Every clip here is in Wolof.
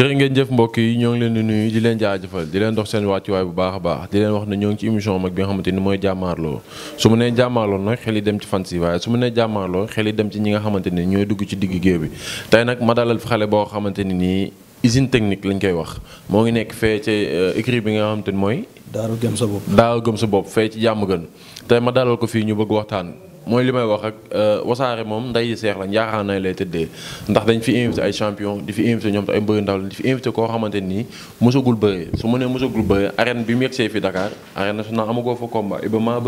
jërë ngeen jëf mbokk yi ñoo ngi leen di nuyu di leen jaajëfal di leen dox seen wàccuwaay bu baax a baax di leen wax na ñoo ngi ci émission mag bi nga xamante mooy jàmmaarloo su mu nee jàmmaarloo nag xel yi dem ci fans yi su mu nee jàmmaarloo xel dem ci ñi nga xamante ni ñooy dugg ci digg géew bi tey nag ma dalal fi xale boo xamante ni nii usine technique lañ koy wax moo ngi nekk fee ci euh, écrit bi nga xamante ni mooy. daaru gëm sa bopp daaru gëm sa bopp fee ci jàmm gën tey ma dalal ko fii ñu bëgg waxtaan mooy li may wax rek euh, wasaare moom nday seex lañ yaakaar na lay tëddee ndax dañ fi invité ay champion di fi invité ñoom te ay mbëri ndaw lañ di fi invité koo xamante nii mosagul bëree su mu nee mosagul bëree arène bi mu yegsee fi Dakar arène nationale amagoo fa combat Iba maa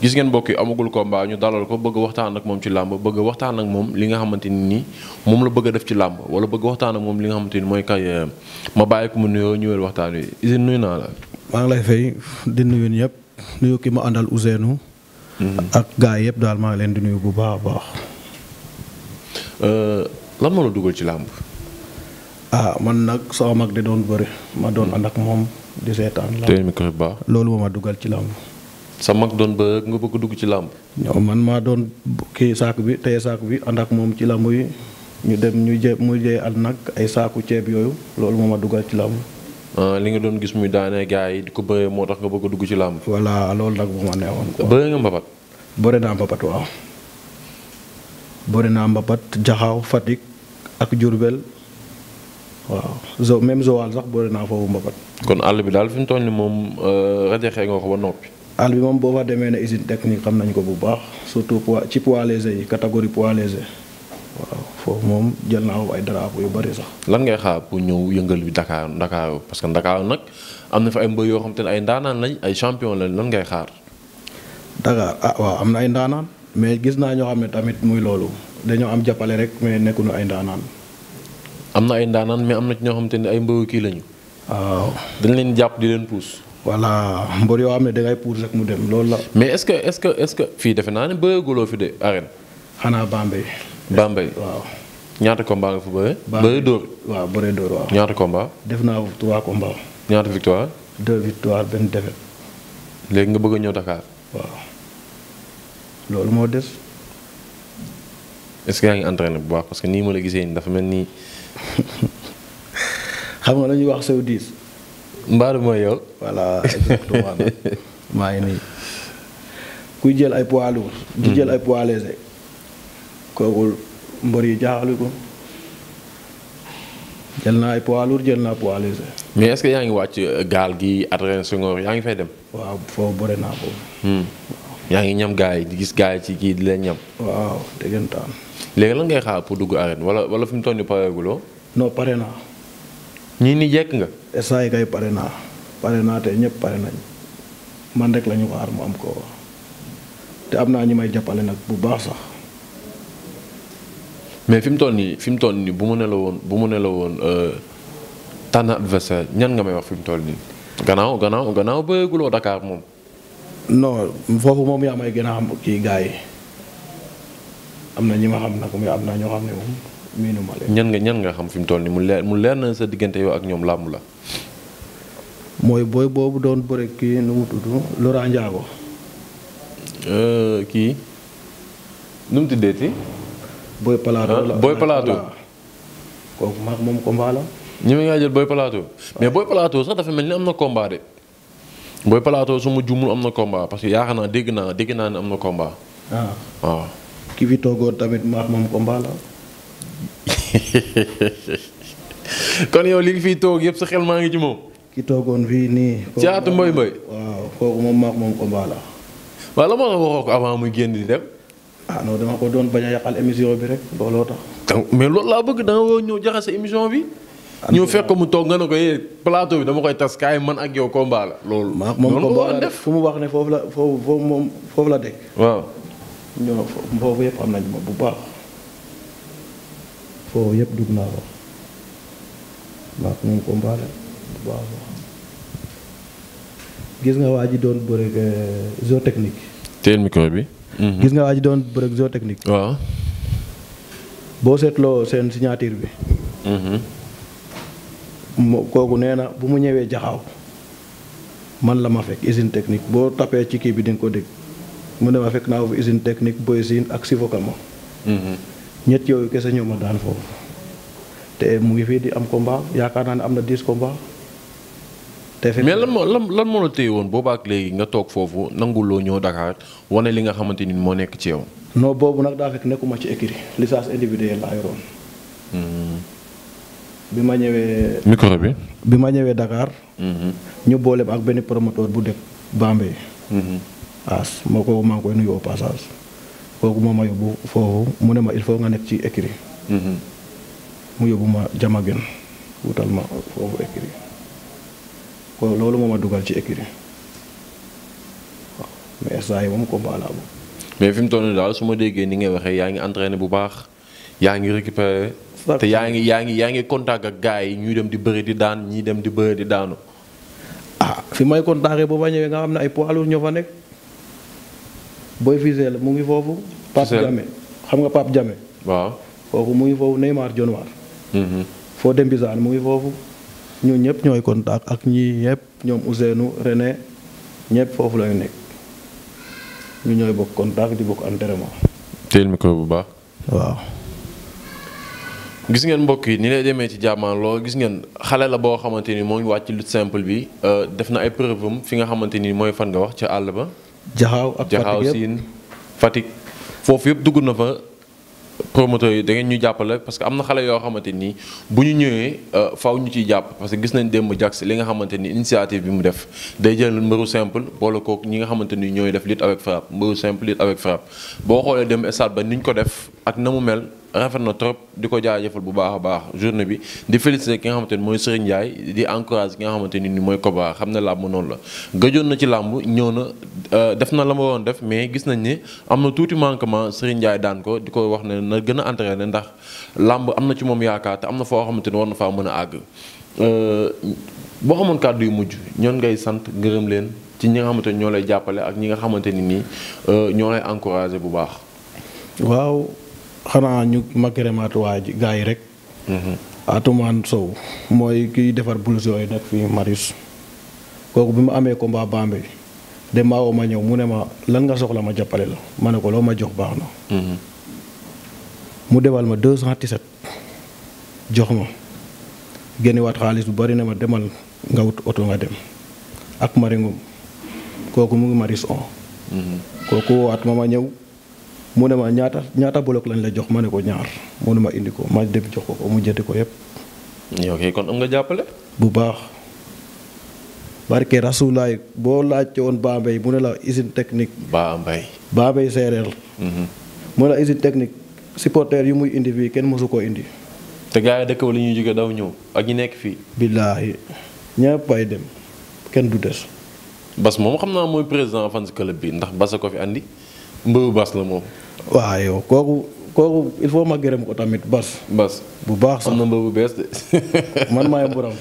gis ngeen mbokk yi amagul combat ñu dalal ko bëgg waxtaan ak moom ci làmb bëgg waxtaan ak moom li nga xamante ni nii moom la bëgg def ci làmb wala bëgg waxtaan ak moom li nga xamante ni mooy kay ma bàyyi ko mu nuyoo ñëwal waxtaan wi Izine nuyu naa la maa ngi lay fay di nuyu ñëpp nuyu ki ma àndal Ousseynou Mm-hmm. ak gaa yëpp daal maa leen di nuyu bu baax a baax. Euh, lan moo la dugal ci làmb. ah man nag sama mag di doon bëri ma doon mm-hmm. ànd ak moom di seetaan. tey baax loolu moo ma dugal ci làmb. sa mag doon bëri nga bëgg dugg ci làmb. man maa doon kii saako bi tey saako bi ànd ak moom ci làmb yi ñu dem ñu je mu jee al nag ay saaku ceeb yooyu loolu moo ma dugal ci làmb. Euh, li nga doon gis muy daanee gars yi di ko bëree moo tax nga bëgg dugg ci làmb. voilà loolu nag moo ma neexoon. bëre nga mbapat. bëre naa mbapat waaw. bëre naa mbapat jaxaaw Fatick ak Diourbel waaw zo même Zowal sax bëre naa foofu mbapat. kon àll bi daal fi mu toll nii moom euh, rajaxe nga ko ba noppi. àll bi moom boo fa demee ne usine technique xam nañ ko bu baax surtout poids ci poids léger yi catégorie poids léger. foofu moom jël naa ay drapeau yu bari sax. lan ngay xaar pour ñëw yëngal bi Dakar Ndakaaru parce que Ndakaaru nag am na fa ay mbër yoo xam ne ay ndaanaan lañ ay champion lañ lan ngay xaar. Dakar ah, waaw am na ay ndaanaan mais gis naa ñoo xam ne tamit muy loolu dañoo am jàppale rek mais nekkuñu ay ndaanaan. am na ay ndaanaan mais am na ci ñoo xam te ne ay mbëru kii lañu. waaw dañ leen jàpp di leen pousse. walla mbër yoo xam ne dangay pousse rek mu dem loolu la. mais est-ce que est-ce que est-ce que fii defe naa ne bëreeguloo fi de arène. xanaa Bambey. Bambey waaw. ñaata combat nga fa bëre. bëre dóor waaw bëre dóor waaw. ñaata combat. def naa ko trois combats. ñaata victoire. deux victoire benn défaite. léegi nga bëgg a ñëw Dakar. waaw loolu moo des. est-ce yaa ngi entraîné bu baax parce que nii ma la gisee nii dafa mel nii. xam nga la ñuy wax sow diis. mbaadu mooy yow. voilà exactement ngi nii. kuy jël ay poids lourds. Hmm. jël ay poids légers. mbër yi jaaxalu ko jël naa ay poids lourd yaa ngi wàcc gaal gi Adrien Senghor yaa ngi fay dem. waaw foofu bëre naa hmm. ngi ñam gaay yi di gis gaay yi ci kii di ñam. waaw léegi lan ngay xaar pour dugg arène wala wala fi mu toll nii pareeguloo. non pare naa. ñii nii jekk nga. instant yi kay pare naa pare naa te nañ man rek la xaar mu am ko te am naa ñi may jàppale nag bu baax sax. mais fi mu toll nii fi mu toll nii bu mu ne woon bu mu ne la tànn euh, adversaire ñan nga may wax fi mu toll nii gannaaw gannaaw gannaaw bëgguloo dakaar moom. no foofu moom yaa may gën a xam kii gars yi am na ñi ma xam nag mais am na ñoo xam ne moom ñan nga ñan nga xam fi mu toll nii mu leer mu leer na sa diggante yow ak ñoom làmb la. mooy booy boobu doon bëre kii nu mu tudd Laurent Ndiago. Euh, kii nu mu tuddee Boy Plateau la ah, Boy Plateau. kooku maag moom mais Boy Plateau sax dafa mel ni am na combat de. Boy Plateau su ma juumul am na combat parce que yaakaar dégg naa dégg naa ne am na combat. Ah. waaw. ki fi toogoon tamit maag moom combat la. kon yow li nga fiy toog yëpp sa xel maa ngi ci moom. caatu mboy mboy. waaw la. moo tax ko avant muy génn di dem. ah non dama ko doon bañ a yàqal émission bi rek looloo tax. mais loolu laa bëgg da nga woo ñëw jaxase émission bi. ñu fekk mu toog nga ne ko yee eh, plateau bi dama koy tas kaay man ak yow combat la. loolu moom combat def fu mu wax ne foofu la foofu foofu moom foofu la dëkk. waaw. yëpp am nañ ma bu baax. yëpp dugg naa ko. bu baax gis nga waa ji doon bëri euh, zone technique. teel micro bi. Mhm. gis nga waa ji doon bërëg zoo technique. waaw boo seetloo seen signature bi. mu mhm. kooku nee na bu mu ñëwee jaxaw man la ma fekk usine technique boo tapee ci kii bi di nga ko dégg mu ne ma fekk naa foofu usine technique boisine ak sivocamo mhm. ñett yooyu kese ñëw ma daan foofu te mu ngi fii di am ko combat yaakaar naa ne am na 10 combat te mais lan moo lan lan moo la téye woon boobaa ak léegi nga toog foofu nanguloo ñëw Dakar wane li nga xamante ni moo nekk ci yow. non boobu nag daal fekk nekkuma ci écrit licence individuelle laa yoroon. Hmm. ma ñëwee. micro bi. bi ma ñëwee Dakar. Hmm. boole ak benn promoteur bu dëkk Bambey. Hmm. as moo moo ma mu ne ma il faut nga nekk ci écrit. mu yóbbu jama gën wutal ma foofu écrit. loolu moo ma dugal ci écurie mais instant yi moom combat laa moom. mais fi mu toll nii daal su ma déggee ni ngay waxee yaa ngi entraîné bu baax yaa ngi récupéré. te yaa ngi yaa ngi yaa ngi contact ak gars yi ñuy dem di bëri di daan ñii dem di bëri di daanu. ah fi may contacté boo ma ñëwee nga xam ne ay poids lourds ñoo fa nekk Boy la mu ngi foofu. Pape Diame xam nga Pape Diame. waaw kooku mu ngi foofu Neymar Dionewar. Mm-hmm. Fodé Mbisaan mu ngi foofu. ñoo ñëpp ñooy contact ak ñi ñëpp ñoom Ousseynou René ñëpp foofu lañu nekk ñu ñooy bokk contact di bokk entraînement. teel micro bu baax. waaw. gis ngeen mbokk yi ni lay demee ci jàmmaarloo gis ngeen xale la boo xamante ni moo wàcc lutte simple bi euh, def na ay preuve am fi nga xamante ni mooy fan nga wax ca àll ba. jaxaaw ak Fatick jaxaaw siin foofu yëpp dugg na fa. promoteurs yi da ngeen ñu jàppale parce que am na xale yoo xamante nii bu ñu ñëwee euh, faw ñu ci jàpp parce que gis nañ démb Jax li nga xamante ni initiative bi mu def day jël mbëru simple boole kook ñi nga xamante ni ñooy def lutte avec frappe mbëru simple lutte avec frappe boo xoolee dem stade ba ni ñu ko def ak na mu mel rafet na trop di ko jaajëfal bu baax baax journée bi di féliciter ki nga xamante ni mooy Serigne Ndiaye di encourager ki nga xamante ni mooy ko Koba xam ne làmb noonu la gëjoon na ci làmb ñëw na euh, def na la ma waroon def mais gis nañ ni am na tuuti manquement Serigne Ndiaye daan ko di ko wax ne na gën a entraîner ndax làmb am na ci moom yaakaar te am na foo xamante ni war na faa mën a àgg euh, boo xamoon kàddu yu mujj ñoon ngay sant ngërëm leen ci ñi nga xamante ni lay jàppale ak ñi nga xamante ni nii euh, ñoo lay bu baax xanaa ñu makkrémaat waa ji yi rek. Mhm. Atoumane Sow mooy kiy defar blouse yooyu nag fii Marius kooku bi ma amee combat Bambey de maa ma ñëw mu ne ma lan nga soxla ma jàppale la ma ne ko loo ma jox baax na. Mhm. mu defal ma 217 jox ma génnewaat xaalis bu bari na ma demal nga wut oto nga dem ak maringum kooku mu ngi Marius on. Mhm. kooku waat ma ma ñëw. mu ne ma ñaata ñaata bloc lañ la jox ma ne ko ñaar mu ne ma indi ko ma dem jox ko ko mu jënd ko yépp yow kon am nga jàppale. bu baax. barke rasulaay boo laajte woon Bambey mu ne la usine technique. Bambey. Bambey séeréer. Mm-hmm. mu ne la usine technique supporteur yi muy indi fii kenn mosu koo indi. te gars yi dëkk ba la ñuy jóge daw ñëw ak ñi nekk fii. billaahi ñëpp ay dem kenn du des. Bas moom xam naa mooy président fans club bi ndax Bas a ko fi andi mbëru la moom. waaw yow kooku kooku il faut ma gërëm ko tamit bas. bas bu baax sax am bu bees de. man maay mburam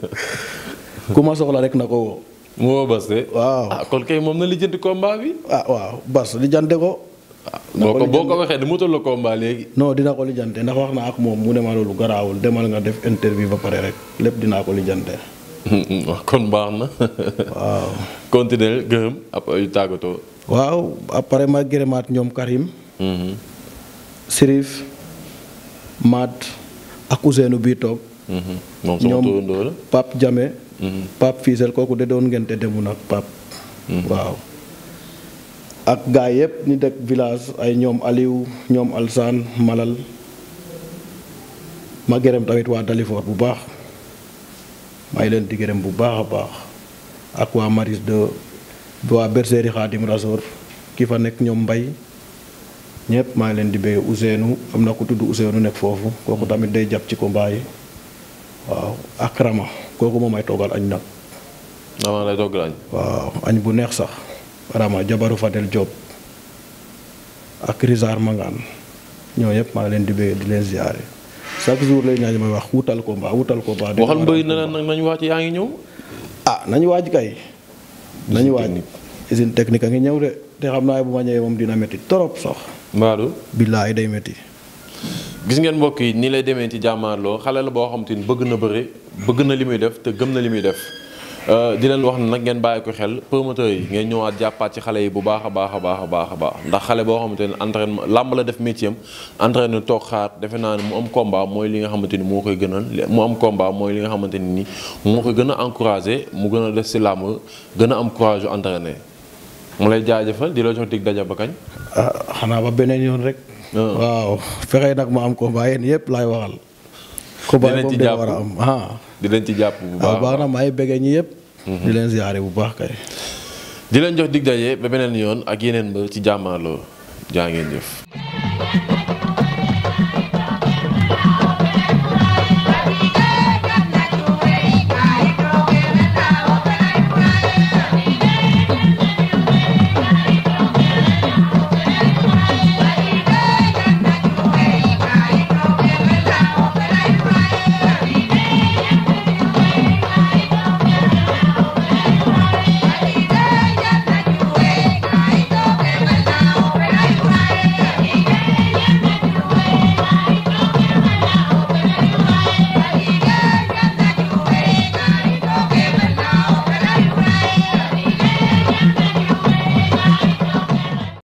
ku ma soxla rek na ko woo. mu woo bas de. waaw ah kon kay moom na lijjanti combat bi. ah waaw bas lijjante ko. Ah, boo ko boo ko waxee di mutal la combat léegi. non dina ko lijjante ndax wax naa ak moom mu ne ma loolu garaawul demal nga def interview ba pare rek lépp dinaa ko lijjante. kon baax na. waaw. continuer gërëm ab ay tàggatoo. waaw après ma gërëmaat ñoom Karim. Mm-hmm. Sirif Maat ak Ousseynou bii toog. Mm-hmm. moom ñoom Pape Jame. Mm-hmm. Pape Fisel kooku de doon ngente demu nag Pape. waaw ak gaa yëpp ñu dëkk village ay ñoom Aliou ñoom Alsaan Malal ma gërëm tamit waa Dalifor bu baax may leen di bu baax a baax ak waa Maris waa bergerie Xaadim Rasoor ki fa nekk ñoom mbay ñëpp maa leen di béy Ousseynou am na ku tudd Ousseynou nekk foofu kooku tamit day jàpp ci ko mbaay waaw ak Rama kooku moom ay toggal añ nag. Rama lay toggal añ. waaw añ bu neex sax Rama jabaru Fadel Diop ak Rizar Mangane ñoo yëpp maa leen di béy di leen ziare chaque jour lay ñaan may wax wutal combat wutal ko combat. waxal mbëy na nañ waaj yaa ngi ñëw. ah nañ waaj kay. nañu waaj usine technique a ngi ñëw de te xam naa bu ma moom dina métti trop sox mbaalu billaay day métti. gis ngeen mbokk yi nii lay demee ci jàmmaarloo xale la boo xam ni bëgg na bëre bëgg na li muy def te gëm na li muy def. Euh, di leen wax ne nag ngeen bàyyi ko xel promoteurs yi ngeen ñëwaat jàppaat ci xale yi bu baax a baax a baax a baax baax ndax xale boo xamante ne entraînement làmb la def métier am entraîné toog xaar defe naa ne mu am combat mooy li nga xamante ni moo koy gënal mu am combat mooy li nga xamante ni ni moo ko gën a encouragé mu gën a def si làmb gën a am courage entraîné mu lay jaajëfal di la jox dig daja ba kañ. Ah, xanaa ba beneen yoon rek. Ah. waaw fexe nag ma am combat yéen yëpp laay waxal. combat moom dina war a am ah. dinañ ci jàpp bu baax ah, baax na maa ngi bëggee ñi yëpp. Mhm. di leen ziare bu baax kay. di leen jox dig daje ba beneen yoon ak yeneen ba ci jàmmaarloo jaa ngeen jëf.